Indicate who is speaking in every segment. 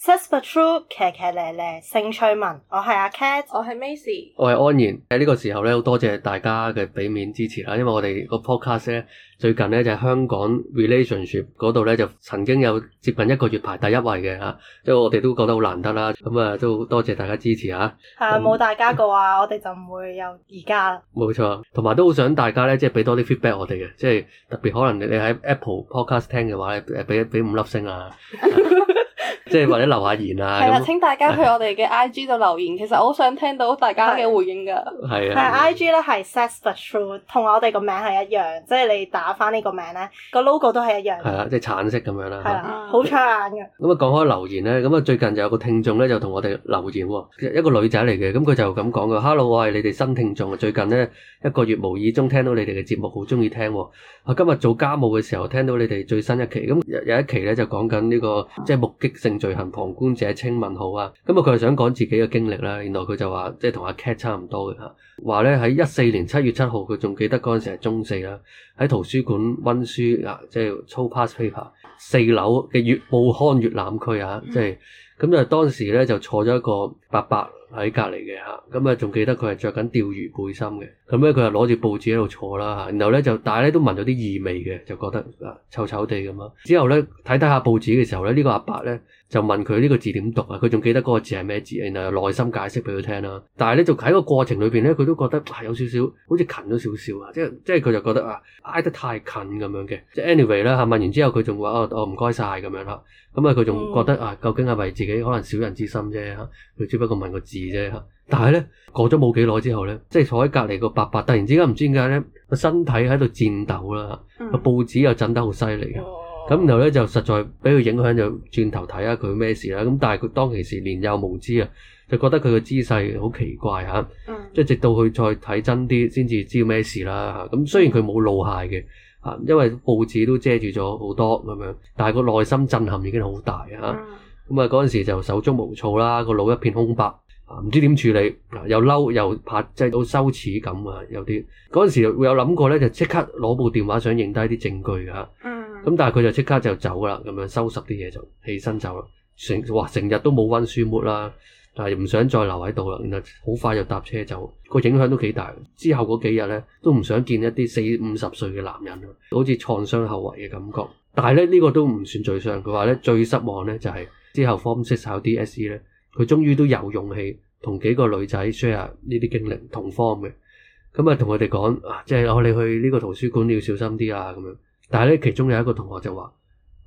Speaker 1: s, a s the t r u e h 騎騎咧咧，興趣文，我係阿 Cat，我係 m a i s
Speaker 2: 我係安然。喺、這、呢個時候咧，好多謝大家嘅俾面支持啦。因為我哋個 podcast 咧，最近咧就係香港 relationship 嗰度咧，就曾經有接近一個月排第一位嘅吓，即係我哋都覺得好難得啦。咁啊，都多謝大家支持吓。
Speaker 1: 係啊，冇大家嘅話，嗯、我哋就唔會有而家啦。
Speaker 2: 冇錯，同埋都好想大家咧，即係俾多啲 feedback 我哋嘅，即係特別可能你喺 Apple podcast 聽嘅話咧，誒俾俾五粒星啊。 即係 或者留下言啦，啊。係啦、 嗯，請大家去我
Speaker 3: 哋嘅 I G 度留言。其實我好想聽到大家嘅回應噶。
Speaker 2: 係啊。
Speaker 1: 係 I G 咧係 sex the truth，同我哋個名係一樣。即係你打翻呢個名咧，個 logo 都係一樣。
Speaker 2: 係啊，即係橙色咁樣啦。係
Speaker 1: 啊，好搶眼嘅。
Speaker 2: 咁啊，講、嗯、開留言咧，咁啊最近就有個聽眾咧就同我哋留言喎。一個女仔嚟嘅，咁佢就咁講嘅。Hello，我係你哋新聽眾。最近咧一個月無意中聽到你哋嘅節目，好中意聽。我今日做家務嘅時候聽到你哋最新一期，咁有一期咧就講緊呢個即係、就是、目擊。性罪行，旁觀者清問號啊！咁、嗯、啊，佢係想講自己嘅經歷啦。原來佢就話，即係同阿 cat 差唔多嘅嚇，話咧喺一四年七月七號，佢仲記得嗰陣時係中四啦，喺圖書館溫書啊，即係操 pass paper，四樓嘅閲報刊閲覽區啊，即係。咁就當時咧就坐咗一個伯伯喺隔籬嘅嚇，咁啊仲記得佢係着緊釣魚背心嘅，咁咧佢就攞住報紙喺度坐啦嚇，然後咧就但係咧都聞咗啲異味嘅，就覺得啊臭臭地咁樣，之後咧睇睇下報紙嘅時候咧，這個、呢個阿伯咧。就問佢呢個字點讀啊？佢仲記得嗰個字係咩字？然後耐心解釋俾佢聽啦、啊。但係咧，就喺個過程裏邊咧，佢都覺得啊，有少少好似近咗少少啊，即係即係佢就覺得啊，挨得太近咁樣嘅。即係 anyway 啦，問完之後佢仲話：哦，哦唔該晒咁樣啦。咁啊，佢仲覺得啊，究竟係咪自己可能小人之心啫嚇。佢、啊、只不過問個字啫嚇。但係咧，過咗冇幾耐之後咧，即係坐喺隔離個伯伯突然之間唔知點解咧，個身體喺度顫抖啦，個報紙又震得好犀利嘅。咁然後咧就實在俾佢影響，就轉頭睇下佢咩事啦。咁但係佢當其時年幼無知啊，就覺得佢個姿勢好奇怪嚇，即係、嗯、直到佢再睇真啲，先至知咩事啦。咁雖然佢冇露械嘅嚇，因為報紙都遮住咗好多咁樣，但係個內心震撼已經好大嚇。咁啊嗰陣時就手足無措啦，個腦一片空白嚇，唔知點處理。又嬲又怕，即係好羞恥咁啊，有啲嗰陣時會有諗過咧，就即刻攞部電話想影低啲證據嘅、嗯.咁但係佢就即刻就走啦，咁樣收拾啲嘢就起身走啦。成哇成日都冇溫書沫啦，但係唔想再留喺度啦。然後好快就搭車走，個影響都幾大。之後嗰幾日咧都唔想見一啲四五十歲嘅男人，好似創傷後遺嘅感覺。但係咧呢個都唔算最傷。佢話咧最失望咧就係之後 Form Six 考 DSE 咧，佢終於都有勇氣同幾個女仔 share 呢啲經歷同方嘅。咁啊同佢哋講啊，即係我哋去呢個圖書館要小心啲啊，咁樣。但係咧，其中有一個同學就話：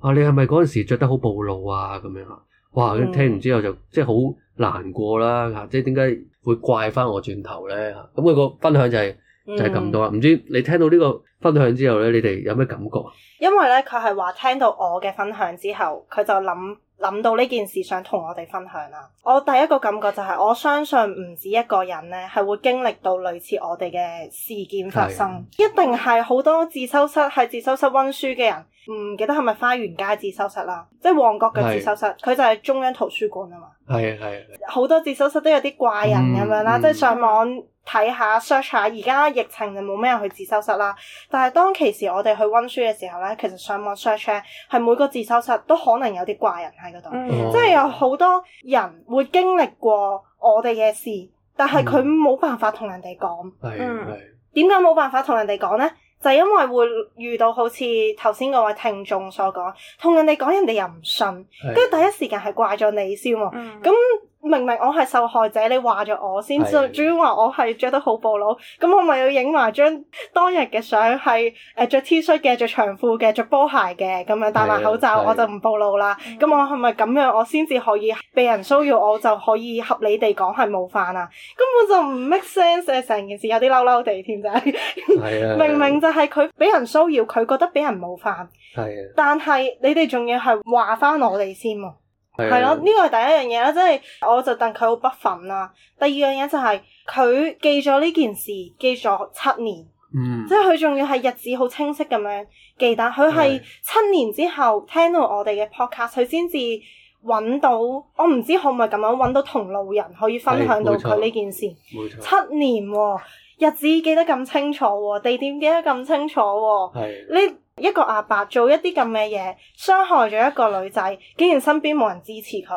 Speaker 2: 啊，你係咪嗰陣時著得好暴露啊？咁樣啊，哇！聽完之後就即係好難過啦，啊、即係點解會怪翻我轉頭咧？咁佢個分享就係就係咁多啦。嗯，唔知你聽到呢個分享之後咧，你哋有咩感覺啊？
Speaker 1: 因為咧，佢係話聽到我嘅分享之後，佢就諗。諗到呢件事，想同我哋分享啦。我第一個感覺就係、是，我相信唔止一個人呢係會經歷到類似我哋嘅事件發生。的一定係好多自修室，喺自修室温書嘅人，唔記得係咪花園街自修室啦，即係旺角嘅自修室，佢的就喺中央圖書館啊嘛。係啊
Speaker 2: 係，
Speaker 1: 好多自修室都有啲怪人咁樣啦，嗯、即係上網。睇下 search 下，而家疫情就冇咩人去自修室啦。但係當其時我哋去溫書嘅時候咧，其實上網 search 係每個自修室都可能有啲怪人喺嗰度，嗯、即係有好多人會經歷過我哋嘅事，但係佢冇辦法同人哋講。嗯，點解冇辦法同人哋講呢？就係、因為會遇到好似頭先嗰位聽眾所講，同人哋講人哋又唔信，跟住、嗯、第一時間係怪咗你先喎。咁、嗯。嗯明明我係受害者，你話咗我先，仲仲要話我係着得好暴露，咁的我咪要影埋張當日嘅相，係誒著 T 恤嘅、著長褲嘅、著波鞋嘅咁樣戴埋口罩，的我就唔暴露啦。咁的我係咪咁樣我先至可以俾人騷擾我，我就可以合理地講係冒犯啊？根本就唔 make sense，成件事有啲嬲嬲地添就係，
Speaker 3: 的明
Speaker 1: 明就係佢俾人騷擾，佢覺得俾人冒犯，但係你哋仲要係話翻我哋先喎。係咯，呢個係第一樣嘢啦，即係我就戥佢好不忿啦。第二樣嘢就係、是、佢記咗呢件事記咗七年，嗯、即係佢仲要係日子好清晰咁樣記得。佢係七年之後聽到我哋嘅 podcast，佢先至揾到。我唔知可唔可以咁樣揾到同路人可以分享到佢呢件事。冇錯，七年喎。哦，日子記得咁清楚、哦，地點記得咁清楚、哦，係的你。一個阿伯做一啲咁嘅嘢，傷害咗一個女仔，竟然身邊冇人支持佢，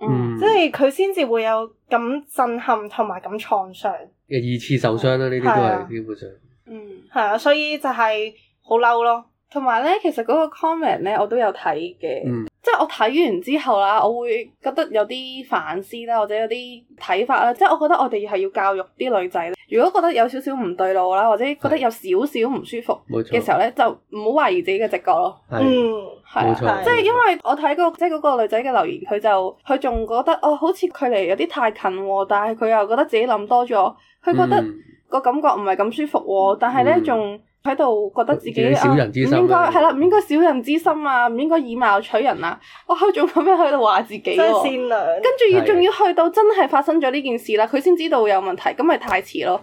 Speaker 1: 嗯嗯、
Speaker 2: 即係
Speaker 1: 佢先至會有咁震撼同埋咁創傷，
Speaker 2: 二次受傷啦，呢啲、嗯、都係基
Speaker 3: 本上，嗯，係啊，所以就係好嬲咯，同埋咧，其實嗰個 comment 咧，我都有睇嘅，嗯、即係我睇完之後啦，我會覺得有啲反思啦，或者有啲睇法啦，即係我覺得我哋係要教育啲女仔。如果覺得有少少唔對路啦，或者覺得有少少唔舒服嘅錯時候咧，就唔好懷疑自己嘅直覺咯。是嗯，係，即係錯因為我睇過即係嗰個女仔嘅留言，佢就佢仲覺得哦，好似距離有啲太近喎，但係佢又覺得自己諗多咗，佢覺得個感覺唔係咁舒服喎，嗯、但係咧仲，嗯喺度覺得自己啊，唔應該係啦，唔 應該小人之心啊，唔應該以貌取人啊。我去做，咁樣喺度話自己，啊，真係善良。跟住要仲要去到真係發生咗呢件事啦，啊，佢先的知道有問題，咁咪太遲咯。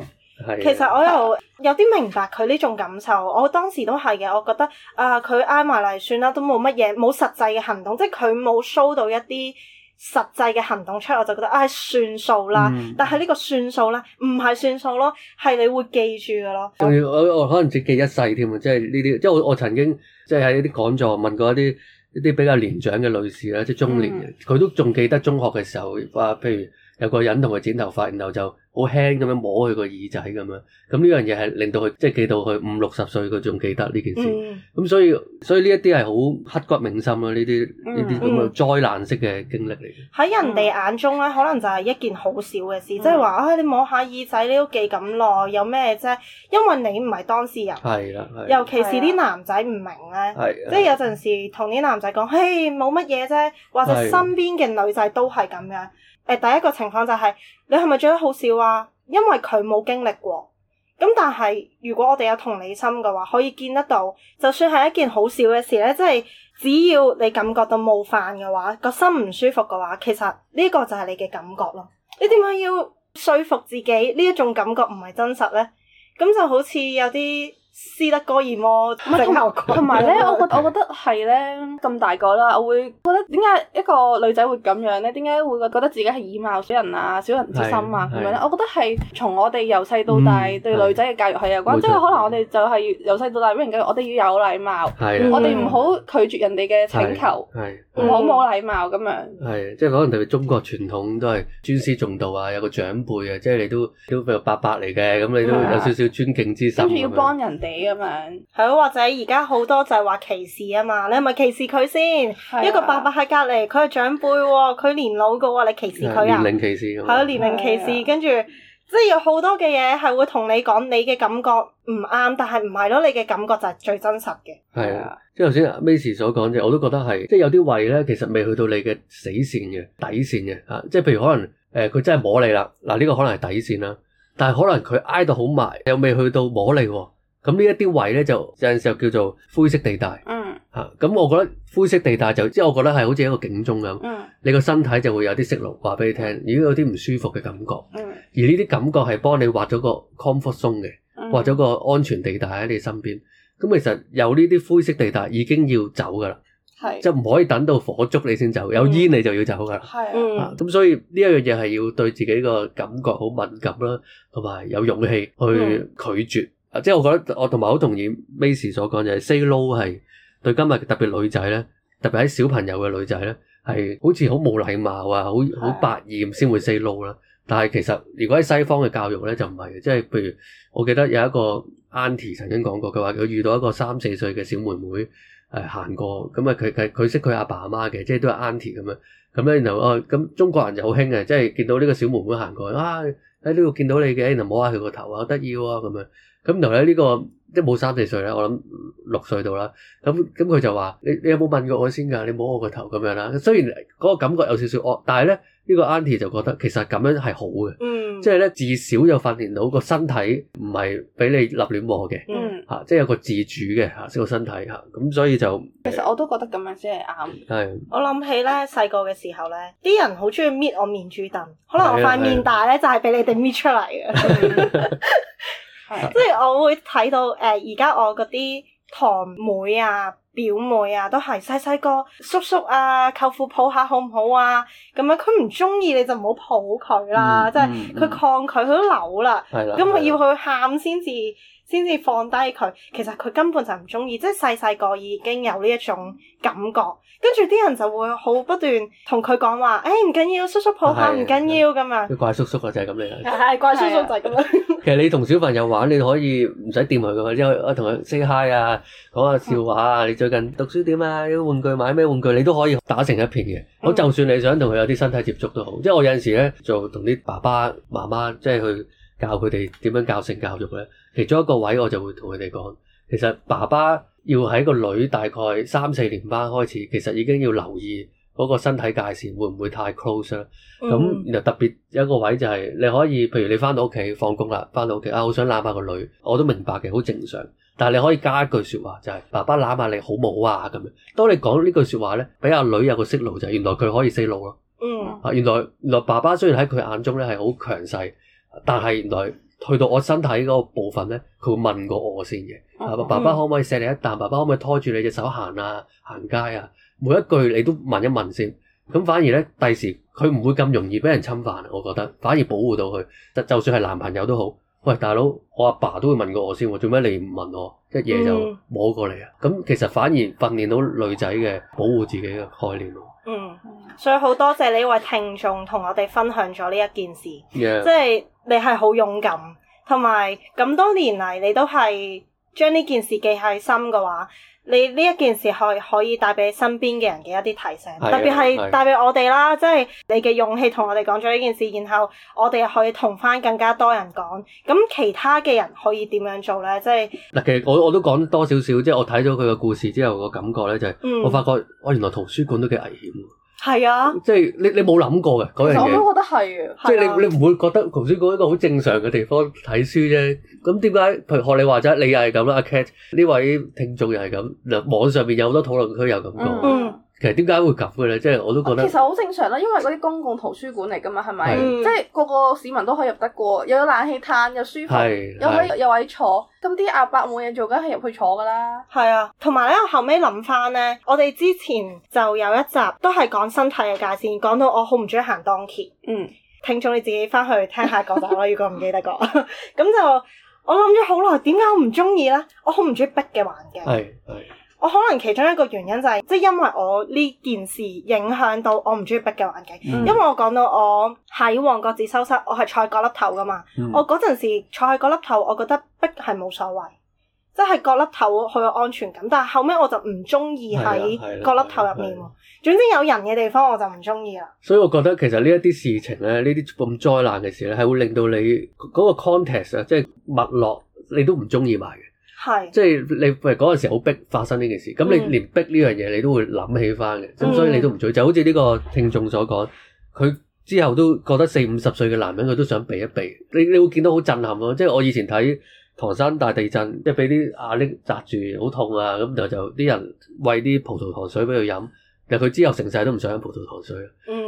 Speaker 1: 的其實我
Speaker 3: 又有啲明白佢呢種感受，我當時都係嘅，我覺得
Speaker 1: 啊，佢挨埋嚟，算啦，都冇乜嘢，冇實際嘅行動，即係佢冇 show 到一啲。實際嘅行動出嚟，我就覺得啊、哎，算數啦。嗯、但係呢個算數咧，唔係算數咯，係你會記住
Speaker 2: 嘅咯。仲要、嗯、我我可能只記一世添啊！即係呢啲，即係我我曾經即係喺呢啲講座問過一啲一啲比較年長嘅女士啦，即係中年，佢、嗯、都仲記得中學嘅時候嘅譬如。有個人同佢剪頭髮，然後就好輕咁樣摸佢個耳仔咁樣。咁呢樣嘢係令到佢即係記到佢五六十歲，佢仲記得呢件事。咁、嗯嗯、所以所以呢一啲係好刻骨銘心咯，呢啲呢啲咁嘅災難式嘅經歷嚟。
Speaker 1: 喺人哋眼中咧，嗯、可能就係一件好少嘅事，嗯、即係話啊，你摸下耳仔，你都記咁耐，有咩啫？因為你唔係當事人。係啦。尤其是啲男仔唔明咧，即係有陣時同啲男仔講，嘿，冇乜嘢啫，或者身邊嘅女仔都係咁樣。的第一個情況就係、是、你係咪做得好少啊？因為佢冇經歷過，咁但係如果我哋有同理心嘅話，可以見得到，就算係一件好少嘅事咧，即係只要你感覺到冒犯嘅話，個心唔舒服嘅話，其實呢個就係你嘅感覺咯。你點解要説服自己呢一種感覺唔係
Speaker 3: 真實呢？咁就好似有啲。斯德哥爾摩，同埋咧，我覺我覺得係咧，咁大個啦，我會覺得，點解一個女仔會咁樣咧？點解會覺得自己係以貌小人啊、小人之心啊咁樣咧？我覺得係從我哋由細到大對女仔嘅教育係有關，即係可能我哋就係由細到大，我哋要有禮貌，我哋唔好拒絕人哋嘅請求，唔好冇禮貌咁樣。
Speaker 2: 係，即係可能特別中國傳統都係尊師重道啊，有個長輩啊，即係你都都譬如伯伯嚟嘅，咁你都有少少尊敬之心，諗住要幫
Speaker 3: 人哋。咁樣係咯，或者而家好多就係
Speaker 1: 話歧視啊嘛，你係咪歧視佢先？啊、一個伯伯喺隔籬，佢係長輩、哦，佢年老噶、哦，你歧視佢啊？年齡歧視係咯、啊，年齡歧視，啊、跟住即係有好多嘅嘢係會同你講，你嘅感覺唔啱，但係唔係咯，你嘅感覺就係最真實嘅。
Speaker 2: 係啊，啊啊即係頭先 Mace 所講嘅，我都覺得係，即係有啲位咧，其實未去到你嘅死綫嘅底綫嘅吓、啊，即係譬如可能誒，佢、呃、真係摸你啦，嗱、啊、呢、這個可能係底綫啦，但係可能佢挨到好埋，又未去到摸你。啊啊咁呢一啲位咧，就有陣時候叫做灰色地帶。嗯。吓、嗯，咁我覺得灰色地帶就即係、就是、我覺得係好似一個警鐘咁。嗯。你個身體就會有啲信號話俾你聽，已經有啲唔舒服嘅感覺。嗯。而呢啲感覺係幫你畫咗個 comfort zone 嘅，畫咗個安全地帶喺你身邊。咁、嗯嗯、其實有呢啲灰色地帶已經要走噶啦。係是。即係唔可以等到火燭你先走，有煙你就要走噶啦。係。嗯。咁、嗯、所以呢一樣嘢係要對自己個感覺好敏感啦，同埋有勇氣去拒絕。嗯嗯即係我覺得我，我同埋好同意 Mace 所講，就係、是、say no 係對今日特別女仔咧，特別喺小朋友嘅女仔咧，係好似好冇禮貌啊，好好百厭先會 say no 啦。但係其實如果喺西方嘅教育咧就唔係，即係譬如我記得有一個 Auntie 曾經講過，佢話佢遇到一個三四歲嘅小妹妹誒、呃、行過，咁啊佢佢佢識佢阿爸阿媽嘅，即係都係 Auntie 咁樣。咁咧然後哦，咁中國人就好興嘅，即係見到呢個小妹妹行過啊。哎喺呢度見到你嘅，就摸下佢個頭啊，好得意喎咁樣。咁然後咧呢個即係冇三四歲咧，我諗六歲到啦。咁咁佢就話：你你有冇問過我先㗎？你摸我個頭咁樣啦。雖然嗰個感覺有少少惡，但係咧呢個 Auntie 就覺得其實咁樣係好嘅，即係咧至少就發現到個身體唔係俾你立亂摸嘅。嗯吓，即係有個自主嘅吓，成、啊、個身體吓，咁、啊、所以就
Speaker 1: 其實我都覺得咁樣先係啱。係是，我諗起咧細個嘅時候咧，啲人好中意搣我面珠墩，可能我塊面大咧就係俾你哋搣出嚟嘅。即係我會睇到誒，而、呃、家我嗰啲堂妹啊、表妹啊都係細細個叔叔啊、舅父抱下好唔好啊？咁樣佢唔中意你就唔好抱佢啦，即係佢抗拒，佢都扭啦，咁、嗯嗯、要佢喊先至。先至放低佢，其實佢根本就唔鍾意，即係細細個已經有呢一種感覺，跟住啲人就會好不斷同佢講話，誒唔緊要，叔叔抱下唔緊要咁樣！
Speaker 2: 要怪叔叔就係咁嚟啦，係、
Speaker 1: 啊、怪叔叔就係咁樣、
Speaker 2: 啊。 其實你同小朋友玩，你可以唔使掂佢噶嘛，因為同佢 say hi 啊，講下笑話啊，嗯、你最近讀書點啊？玩具買咩玩具？你都可以打成一片嘅。好、嗯，就算你想同佢有啲身體接觸都好，即係我有陣時咧就同啲爸爸媽媽，即係去教佢哋點樣教性教育咧。其中一個位我就會同佢哋講，其實爸爸要喺個女大概三四年班開始，其實已經要留意嗰個身體界線會唔會太 close 啦。
Speaker 3: 咁、mm hmm. 然
Speaker 2: 後特別有一個位就係你可以，譬如你翻到屋企放工啦，翻到屋企啊，好想攬下個女，我都明白嘅，好正常。但係你可以加一句説話就係、是：爸爸攬下你好冇啊咁樣。當你講呢句説話呢，俾阿女有個思路就係原來佢可以 say no 咯。嗯、mm hmm. 原，原來爸爸雖然喺佢眼中呢係好強勢，但係原來。去到我身體嗰個部分呢，佢會問過我先嘅、嗯啊。爸爸可唔可以錫你一啖？爸爸可唔可以拖住你隻手行啊？行街啊！每一句你都問一問先。咁、嗯、反而呢，第時佢唔會咁容易俾人侵犯。我覺得反而保護到佢。就算係男朋友都好。喂，大佬，我阿爸都會問過我先喎。做咩你唔問我？一嘢就摸過嚟啊！咁其實反而訓練到女仔嘅保護自己嘅概念。嗯，
Speaker 1: 所以好多謝呢位聽眾同我哋分享咗呢一件事。Yeah. 即係。你係好勇敢，同埋咁多年嚟，你都係將呢件事記喺心嘅話，你呢一件事可可以帶俾身邊嘅人嘅一啲提醒，的特別係帶俾我哋啦。即係的你嘅勇氣同我哋講咗呢件事，然後我哋可以同翻更加多人講。咁其他嘅人可以點樣做呢？即係
Speaker 2: 嗱，其實我我都講多少少，即係我睇咗佢嘅故事之後個感覺呢，就係我發覺，我原來圖書館都幾危險。係啊即係你你冇諗過嘅嗰樣嘢，我都覺
Speaker 3: 得係啊。即係你
Speaker 2: 你唔會覺得頭先講一個好正常嘅地方睇書啫？咁點解？譬如學你話齋，你又係咁啦，阿 Cat 呢位聽眾又係咁，嗱，網上面有好多討論區又咁講。嗯其實點解會咁嘅咧？即係我都覺得，其實
Speaker 3: 好正常啦，因為嗰啲公共圖書館嚟噶嘛，係咪？即係個個市民都可以入得過，又有冷氣嘆，又舒服，又可以有位坐。咁啲阿伯冇嘢做，梗係入去坐噶啦。係啊，同埋咧，我後
Speaker 1: 尾諗翻咧，我哋之前就有一集都係講身體嘅界線，講到我好唔中意行當橋。嗯，聽眾你自己翻去聽下講就好啦。如果唔記得講，咁就我諗咗好耐，點解我唔中意咧？我好唔中意逼嘅環境。係係。可能其中一個原因就係、是、即係因為我呢件事影響到我唔中意逼嘅環境。嗯、因為我講到我喺旺角自修室，我係坐角粒頭噶嘛。嗯、我陣時坐喺角粒頭我覺得逼係冇所謂，即係角粒頭佢有安全感。但係後尾我就唔中意喺角粒頭入面。啊啊啊、總之有人嘅地方我就唔中意啦。
Speaker 2: 所以我覺得其實呢一啲事情咧，呢啲咁災難嘅事咧，係會令到你、嗰個 context 啊，即係脈絡你都唔中意埋嘅。係，即係你餵嗰陣時好逼發生呢件事，咁你連逼呢樣嘢你都會諗起翻嘅，咁所以你都唔追，就好似呢個聽眾所講，佢之後都覺得四五十歲嘅男人佢都想避一避，你你會見到好震撼咯，即係我以前睇唐山大地震，即係俾啲壓力砸住，好痛啊，咁但就啲人餵啲葡萄糖水俾佢飲，但佢之後成世都唔想飲葡萄糖水，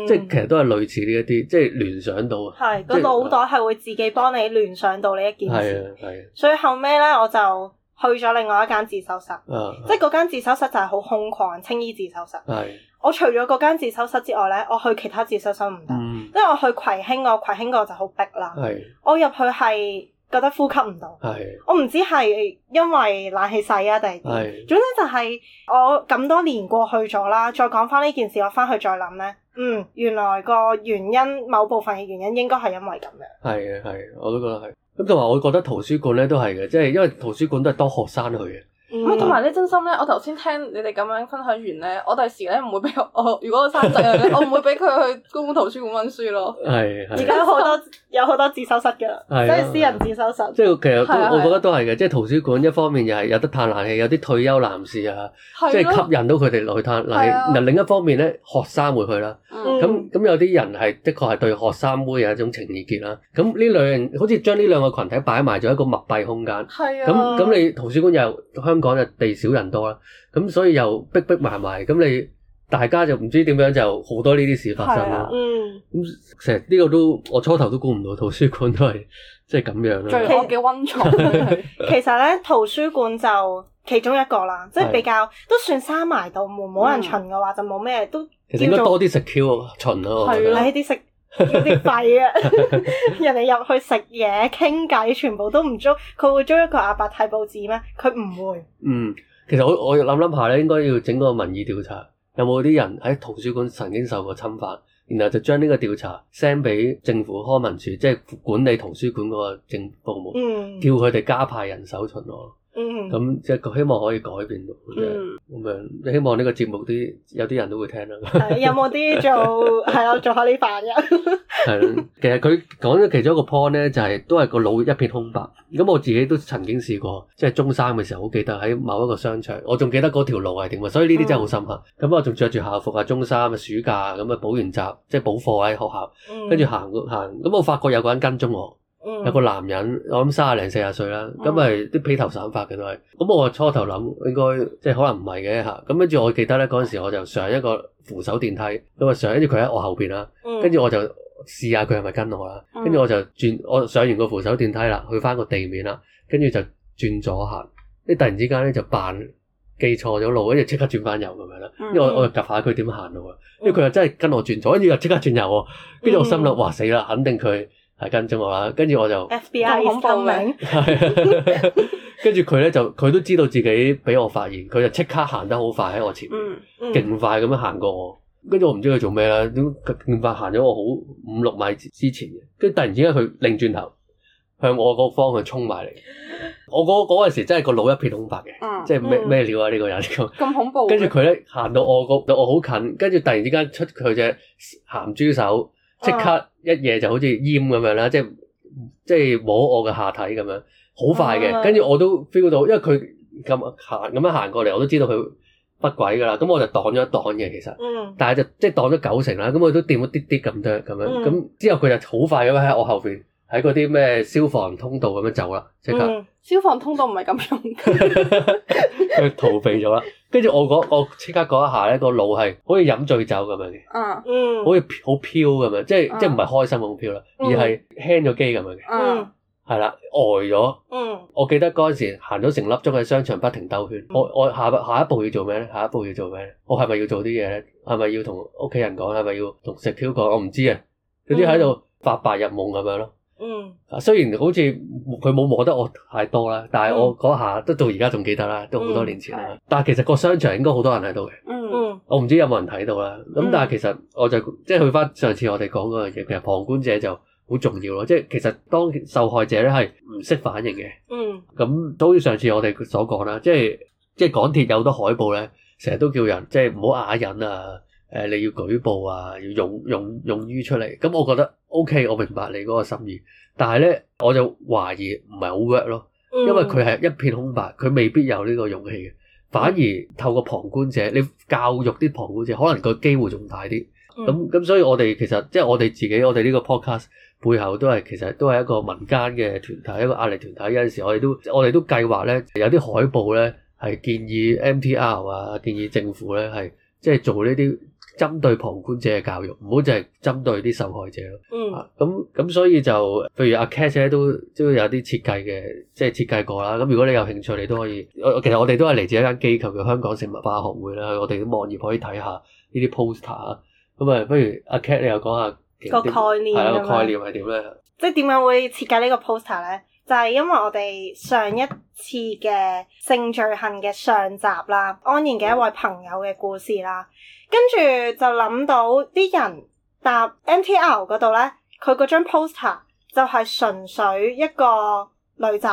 Speaker 2: 即係其實都係類似呢一啲，即係聯想到
Speaker 1: 啊，係個腦袋係會自己幫你聯想到呢一件事，係啊，所以後尾咧我就。去咗另外一間自修室，啊、即係嗰間自修室就係好空曠，青衣自修室。是我除咗嗰間自修室之外呢，我去其他自修室唔得，因為、嗯、我去葵興我葵興個就好逼啦。是我入去係覺得呼吸唔到，是我唔知係因為冷氣細啊定係點。是總之就係我咁多年過去咗啦，再講翻呢件事，我翻去再諗呢。嗯，原來個原因某部分嘅原因應該係因為咁樣。係啊，
Speaker 2: 係，我都覺得係。咁同埋，我覺得圖書館呢都係嘅，即係因為圖書館都係多學生去嘅。
Speaker 3: 同埋咧，真心咧，我頭先聽你哋咁樣分享完咧，我第時咧唔會俾我，如果我生仔咧，我唔會俾佢去公共圖書館溫書咯。係，而家好多有好多自修室㗎啦，即係私人
Speaker 1: 自修室。即係其實我覺得
Speaker 2: 都係嘅，即係圖書館一方面又係有得嘆冷氣，有啲退休男士啊，即係吸引到佢哋落去嘆冷氣。嗱，另一方面咧，學生會去啦。咁咁有啲人係的確係對學生妹有一種情意結啦。咁呢兩樣好似將呢兩個群體擺埋咗一個密閉空間。係啊。咁咁你圖書館又講就地少人多啦，咁所以又逼逼埋埋，咁你大家就唔知點樣，就好多呢啲事發生啦、啊。嗯，咁成日呢個都我初頭都估唔到，圖書館都係即係咁樣啦。最惡嘅
Speaker 1: 溫床。其實咧， 圖書館就其中一個啦，即係比較都算閂埋道門，冇人巡嘅話、嗯、就冇咩都。其實應該多啲
Speaker 2: 食 Q 巡咯。係啊，
Speaker 1: 啲食的。啲啊！ 人哋入去食嘢傾偈，全部都唔捉，佢會捉一個阿伯睇報紙咩？佢唔會。
Speaker 2: 嗯，其實我我諗諗下咧，應該要整個民意調查，有冇啲人喺圖書館曾經受過侵犯，然後就將呢個調查 send 俾政府康文署，即係管理圖書館嗰個政府部門，嗯，叫佢哋加派人手巡邏。咁即係希望可以改變到，咁樣、嗯、希望呢個節目啲有啲人都會聽啦、
Speaker 1: 啊。 有冇啲做係啊？做下呢份嘢。
Speaker 2: 係啦，其實佢講咗其中一個 point 咧，就係、是、都係個腦一片空白。咁我自己都曾經試過，即、就、係、是、中三嘅時候，好記得喺某一個商場，我仲記得嗰條路係點啊。所以呢啲真係好深刻。咁、嗯、我仲着住校服啊，中三啊，暑假咁啊補完習，即係補課喺學校，跟住行行，咁我發覺有個人跟蹤我。有個男人，我諗卅零四十歲啦，咁咪啲披頭散髮嘅都係，咁我初頭諗應該即係可能唔係嘅吓，咁跟住我記得咧嗰陣時我就上一個扶手電梯，咁啊上，跟住佢喺我後邊啦，跟住我就試下佢係咪跟我啦，跟住我就轉，我上完個扶手電梯啦，去翻個地面啦，跟住就轉左行，即突然之間咧就扮記錯咗路，跟住即刻轉翻右咁樣啦，因為我我又及下佢點行嘅，因為佢又真係跟我轉左，跟住又即刻轉右，跟住我心諗，哇死啦，肯定佢。係跟蹤我啦，跟住我就
Speaker 1: ，FBI 夠恐怖名，
Speaker 2: 跟住佢咧就佢都知道自己俾我發現，佢就即刻行得好快喺我前面，勁、嗯嗯、快咁樣行過我，跟住我唔知佢做咩啦，都勁快行咗我好五六米之前嘅，跟住突然之間佢拎轉頭向我嗰方向衝埋嚟，我嗰嗰時真係個腦一片空白嘅，啊、即係咩咩料啊呢個人咁，咁、這個嗯、恐怖，跟住佢咧行到我個，我好近，跟住突然之間出佢隻鹹豬手。即刻一夜就好似淹咁樣啦，即係即係摸我嘅下體咁樣，好快嘅。跟住、嗯、我都 feel 到，因為佢咁行咁樣行過嚟，我都知道佢不軌噶啦。咁我就擋咗一擋嘅，其實，但係就即係擋咗九成啦。咁我都掂咗啲啲咁多咁樣。咁、嗯、之後佢就好快咁喺我後邊。喺嗰啲咩消防通道咁樣走啦，即刻、嗯、
Speaker 3: 消防通道唔係咁用，
Speaker 2: 佢 逃避咗啦。跟住我講，我即刻講一下咧，個腦係好似飲醉酒咁樣嘅，嗯嗯，好似好飄咁樣，即係即係唔係開心咁飄啦，而係輕咗機咁樣嘅，嗯，係啦，呆咗，啊、嗯，我記得嗰陣時行咗成粒鐘喺商場不停兜圈，嗯、我我下下一步要做咩咧？下一步要做咩咧？我係咪要做啲嘢咧？係咪要同屋企人講？係咪要同食飄講？我唔知啊，有啲喺度發白日夢咁樣咯。嗯嗯，雖然好似佢冇摸得我太多啦，但係我嗰下都到而家仲記得啦，都好多年前啦。但係其實個商場應該好多人喺度嘅。嗯，我唔知有冇人睇到啦。咁但係其實我就即係去返上次我哋講嗰樣嘢，其實旁觀者就好重要咯。即係其實當受害者咧係唔識反應嘅。嗯。咁都好似上次我哋所講啦，即係即係港鐵有好多海報咧，成日都叫人即係唔好啞忍啊，誒你要舉報啊，要勇勇勇，勇，勇於出嚟。咁我覺得。O.K. 我明白你嗰個心意，但係咧我就懷疑唔係好 work 咯，因為佢係一片空白，佢未必有呢個勇氣嘅。反而透過旁觀者，你教育啲旁觀者，可能個機會仲大啲。咁咁，所以我哋其實即係我哋自己，我哋呢個 podcast 背後都係其實都係一個民間嘅團體，一個壓力團體。有陣時我哋都我哋都計劃咧，有啲海報咧係建議 MTR 啊，建議政府咧係即係做呢啲。針對旁觀者嘅教育，唔好淨係針對啲受害者咯。嗯。咁咁、啊，所以就譬如阿 Kate 都都有啲設計嘅，即係設計過啦。咁如果你有興趣，你都可以。其實我哋都係嚟自一間機構嘅香港性文化學會啦。我哋啲網頁可以睇下呢啲 poster 啊。咁啊，不如阿 Kate 你又講下個概念係啊？概念係點咧？
Speaker 1: 即係點樣會設計個呢個 poster 咧？就係、是、因為我哋上一次嘅性罪行嘅上集啦，安然嘅一位朋友嘅故事啦。嗯。跟住就諗到啲人搭 MTR 嗰度呢，佢嗰張 poster 就係純粹一個女仔，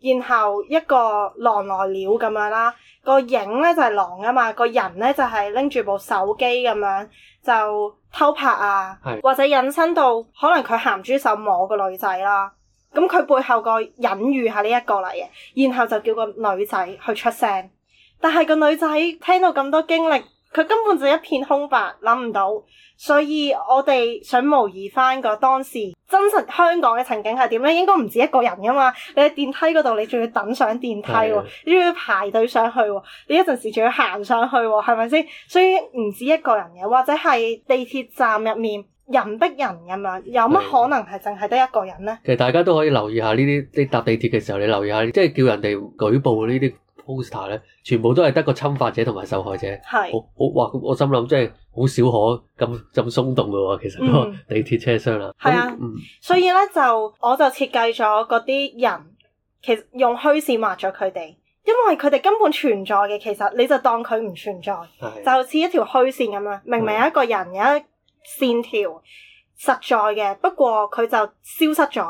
Speaker 1: 然後一個狼來了咁樣啦。個影呢就係狼啊嘛，個人呢就係拎住部手機咁樣就偷拍啊，是或者引申到可能佢鹹豬手摸個女仔啦。咁佢背後個隱喻係呢一個嚟嘅，然後就叫個女仔去出聲，但係個女仔聽到咁多經歷。佢根本就一片空白，諗唔到，所以我哋想模擬翻個當時真實香港嘅情景係點呢？應該唔止一個人噶嘛。你喺電梯嗰度，你仲要等上電梯喎、哦，你仲要排隊上去喎、哦，你一陣時仲要行上去喎、哦，係咪先？所以唔止一個人嘅，或者係地鐵站入面人逼人咁樣，有乜可能係淨係得一個人呢？其
Speaker 2: 實大家都可以留意下呢啲，你搭地鐵嘅時候，你留意下，即係叫人哋舉報呢啲。poster 咧，全部都係得個侵犯者同埋受害者，係是，我，我，哇！我心諗，即係好少可咁咁鬆動噶喎、啊，其實個、嗯、地鐵車廂啦，係啊，啊嗯、
Speaker 1: 所以咧就我就設計咗嗰啲人，其實用虛線畫咗佢哋，因為佢哋根本存在嘅，其實你就當佢唔存在，是就似一條虛線咁樣，明明有一個人有一線條實在嘅，不過佢就消失咗，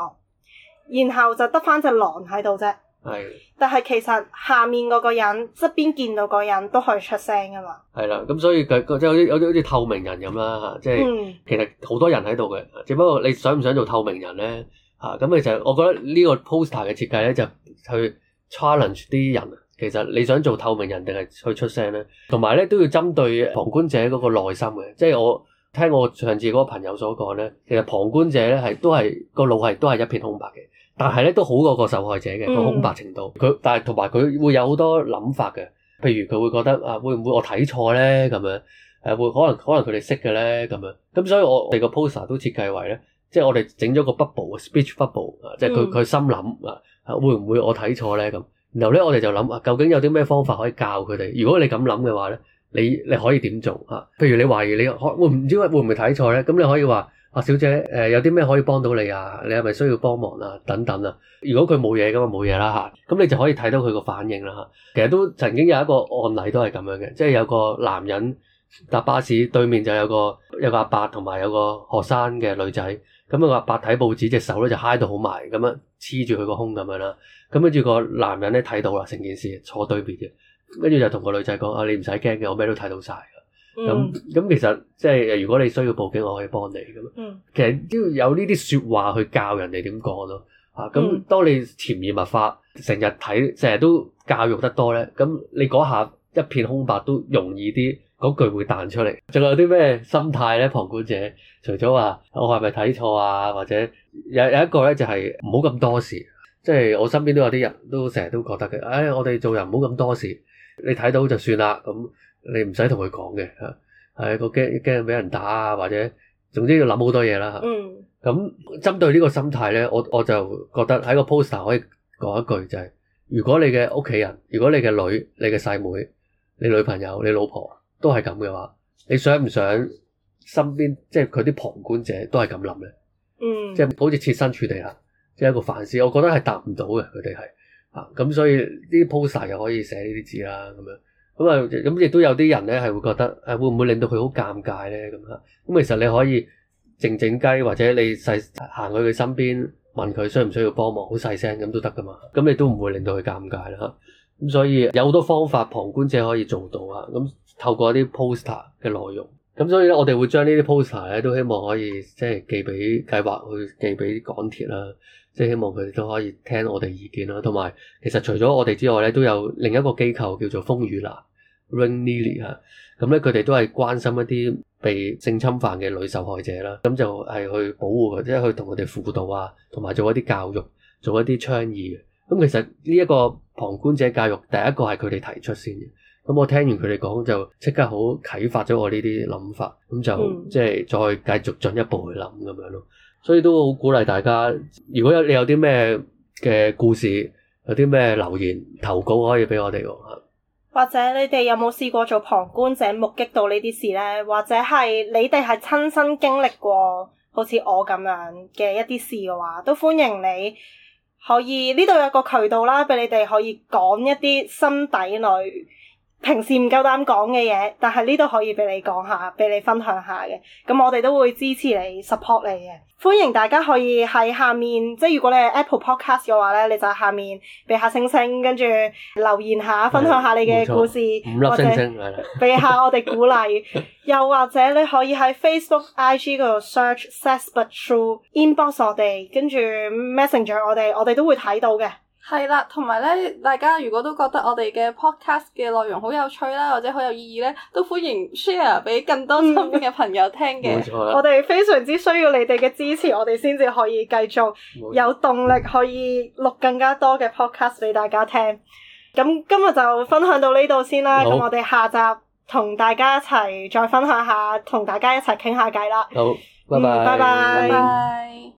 Speaker 1: 然後就得翻隻狼喺度啫。係，但係其實下面嗰個人側邊見到個人都可以出聲噶嘛。
Speaker 2: 係啦，咁所以佢即係好似好似透明人咁啦，啊，即係、嗯、其實好多人喺度嘅，只不過你想唔想做透明人咧？吓、啊、咁、嗯、其實我覺得呢個 poster 嘅設計咧，就去 challenge 啲人，其實你想做透明人定係去出聲咧？同埋咧都要針對旁觀者嗰個內心嘅，即係我聽我上次嗰個朋友所講咧，其實旁觀者咧係都係個腦係都係一片空白嘅。但係咧都好過個受害者嘅個空白程度，佢但係同埋佢會有好多諗法嘅，譬如佢會覺得啊，會唔會我睇錯咧咁樣？係、啊、會可能可能佢哋識嘅咧咁樣。咁所以我，我哋個 poster 都設計為咧，即係我哋整咗個 bubble、嗯、speech bubble，即係佢佢心諗啊，會唔會我睇錯咧咁？然後咧我哋就諗啊，究竟有啲咩方法可以教佢哋？如果你咁諗嘅話咧，你你可以點做啊？譬如你懷疑你我我唔知會唔會睇錯咧，咁你可以話。啊，小姐，誒、呃、有啲咩可以幫到你啊？你係咪需要幫忙啊？等等啊！如果佢冇嘢嘅嘛，冇嘢啦吓。咁、啊、你就可以睇到佢個反應啦嚇。其實都曾經有一個案例都係咁樣嘅，即係有個男人搭巴士，對面就有個有個阿伯同埋有個學生嘅女仔。咁啊阿伯睇報紙隻手咧就揩到好埋，咁樣黐住佢個胸咁樣啦。咁跟住個男人咧睇到啦，成件事坐對面嘅，跟住就同個女仔講：啊，你唔使驚嘅，我咩都睇到晒。」咁咁、嗯、其實即係如果你需要報警，我可以幫你咁。嗯、其實都要有呢啲説話去教人哋點講咯嚇。咁、嗯啊、當你潛移默化，成日睇，成日都教育得多呢，咁你嗰下一片空白都容易啲，嗰句會彈出嚟。仲有啲咩心態呢？旁觀者除咗話我係咪睇錯啊？或者有有一個呢，就係唔好咁多事。即、就、係、是、我身邊都有啲人都成日都覺得嘅。誒、哎，我哋做人唔好咁多事，你睇到就算啦咁。嗯你唔使同佢講嘅嚇，係個驚驚俾人打啊，或者總之要諗好多嘢啦嚇。咁、嗯、針對呢個心態咧，我我就覺得喺個 poster 可以講一句就係、是：如果你嘅屋企人、如果你嘅女、你嘅細妹，妹、你女朋友、你老婆都係咁嘅話，你想唔想身邊即係佢啲旁觀者都係咁諗咧？即係、嗯、好似設身處地啊，即、就、係、是、一個凡思。我覺得係答唔到嘅，佢哋係啊。咁所以啲 poster 又可以寫呢啲字啦，咁樣。咁啊，咁亦、嗯、都有啲人咧係會覺得，誒、啊、會唔會令到佢好尷尬咧咁啊？咁其實你可以靜靜雞，或者你細行去佢身邊問佢需唔需要幫忙，好細聲咁都得噶嘛。咁你都唔會令到佢尷尬啦嚇。咁、啊、所以有好多方法旁觀者可以做到啊。咁透過一啲 poster 嘅內容，咁、啊、所以咧我哋會將呢啲 poster 咧都希望可以即係寄俾計劃去寄俾港鐵啦。即係希望佢哋都可以聽我哋意見啦，同埋其實除咗我哋之外咧，都有另一個機構叫做風雨蘭 RainLily 嚇，咁咧佢哋都係關心一啲被性侵犯嘅女受害者啦，咁就係去保護佢，即係去同佢哋輔導啊，同埋做一啲教育，做一啲倡議嘅。咁其實呢一個旁觀者教育，第一個係佢哋提出先嘅。咁我聽完佢哋講就即刻好啟發咗我呢啲諗法，咁就即係再繼續進一步去諗咁樣咯。所以都好鼓勵大家，如果有你有啲咩嘅故事，有啲咩留言投稿可以俾我哋喎。
Speaker 1: 或者你哋有冇試過做旁觀者目擊到呢啲事呢？或者係你哋係親身經歷過好似我咁樣嘅一啲事嘅話，都歡迎你可以呢度有個渠道啦，俾你哋可以講一啲心底裏平時唔夠膽講嘅嘢，但係呢度可以俾你講下，俾你分享下嘅。咁我哋都會支持你、support 你嘅。歡迎大家可以喺下面，即係如果你係 Apple Podcast 嘅話呢，你就喺下面俾下星星，跟住留言下，分享下你嘅故事，星星或者俾下我哋鼓勵。 又或者你可以喺 Facebook、IG 嗰度 search Says But True inbox 我哋，跟住 message 我哋，我哋都會睇到嘅。
Speaker 3: 係啦，同埋咧，大家如果都覺得我哋嘅 podcast 嘅內容好有趣啦，或者好有意義咧，都歡迎 share 俾更多身邊嘅朋友聽嘅。 我哋非常之
Speaker 1: 需要你哋嘅支持，我哋先至可以繼續有動力，可以錄更加多嘅 podcast 俾大家聽。咁今日就分享到呢度先啦。好。咁我哋下集同大家一齊再分享下，同大家一齊傾下偈啦。
Speaker 2: 好，拜拜。拜拜。拜拜拜
Speaker 1: 拜